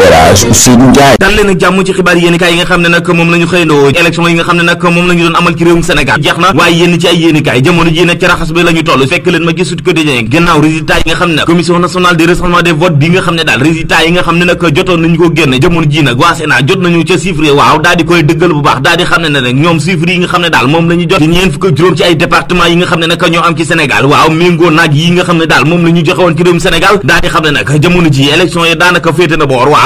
Elhadj Ousseynou Ndiaye dal leen ak jàmm ci xibaar yéenikaay yi nga xam ne nag moom la ñu xëyndoo yi nga xam ne nag moom la ñu ci réewum Sénégal jeex na di xam ne ne nag am ne daal moom la ñu joxewoon ji élection yi daanaka féete boor waaw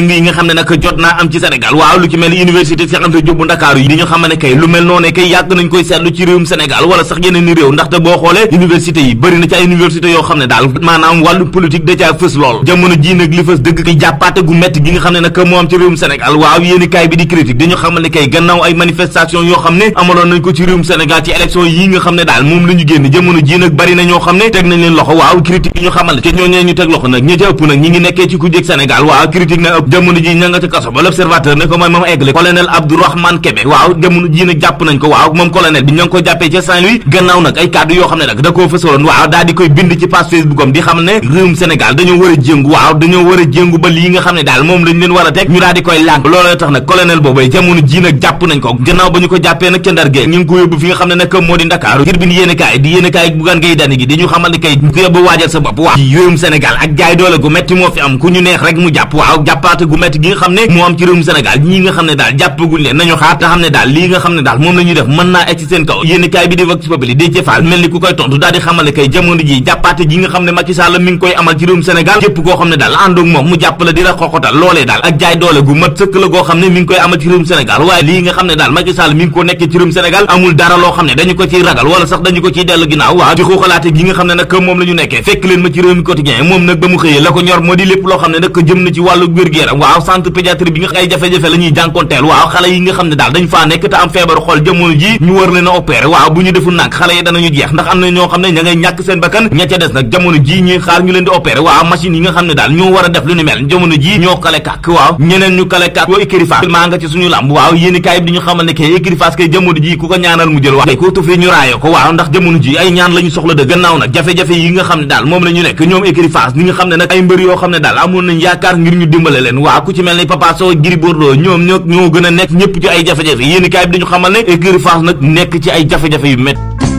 yëngu-yëngu yi nga xam ne nag jot naa am ci Sénégal waaw lu ci mel université Cheikh Anta Diop bu Ndakaaru dañu xamal ne kay moom la génn jamono ji nag bari na ñoo xam ne teg nañ leen loxo waaw critique ñu xamal ne te ñoo ñee ñu teg loxo nag ñi ca ëpp nag ñi ngi nekkee ci ku jéeg Sénégal waaw critique na ëpp jamono ji ña nga ca kaso ba l'observateur ne ko mooy moom eggale colonel Abdourahmane Kébé waaw jamono waaw da koo fësaloon waaw daal di jamono ji nag jàpp nañ ko gannaaw ba ñu ko jàppee nag ca Ndar gee ko yóbbu fi nga xam ne nag moo di Ndakaaru ngir bin yéene kaay di yéene bugaan ngay gi di xamal ne kay ku yóbbu waajal sa bopp waaw ci réewum Sénégal ak jaay doole gu metti moo fi am ku ñu neex rek mu jàpp waaw jàppaat woote mel ni ku koy tontu daal di xamale kay jamono ji jàppaate gi nga xam ne Macky mi ngi koy amal ci réewum Sénégal waaye lii nga xam ne daal Macky mi ngi ko nekk ci réewum Sénégal amul dara loo xam ne dañu ko ciy ragal wala sax dañu ko ciy dellu ginnaaw waaw di xooxalaate gi nga xam ne nag moom la nekkee fekk leen ma ci réew mi quotidien moom nag ba mu xëyee la ko ñor moo di lépp loo xam ne nag jëm na ci wàllu wér-gu-yaram waaw centre pédiatrie bi nga xam ne daal dañ faa nekk am feebaru xool jamono ji ñu war leen a waaw bu ñu deful nànk xale yi danañu jeex ndax am ne ñu kale kàkk waaw ñeneen ñu kale kàkk waa écrifage maa nga ci suñu làmb waaw yéen bi di xamal ne kay écrifage kay jamono ji ku ko ñaanal mu jël waaw ko tufi ñu raaye ko waaw ndax jamono ji ay ñaan la soxla dëgg gannaaw nag jafe-jafe yi nga xam ne daal moom la nekk ñoom écrifage ñi nga waa ku ci mel ni Papa Sow Gris Bordeaux ñoom ñoo gën a nekk ñëpp ci ay jafe-jafe yéen i kaay bi dañu xamal ne écurie Fass nag nekk ci ay jafe-jafe yu métti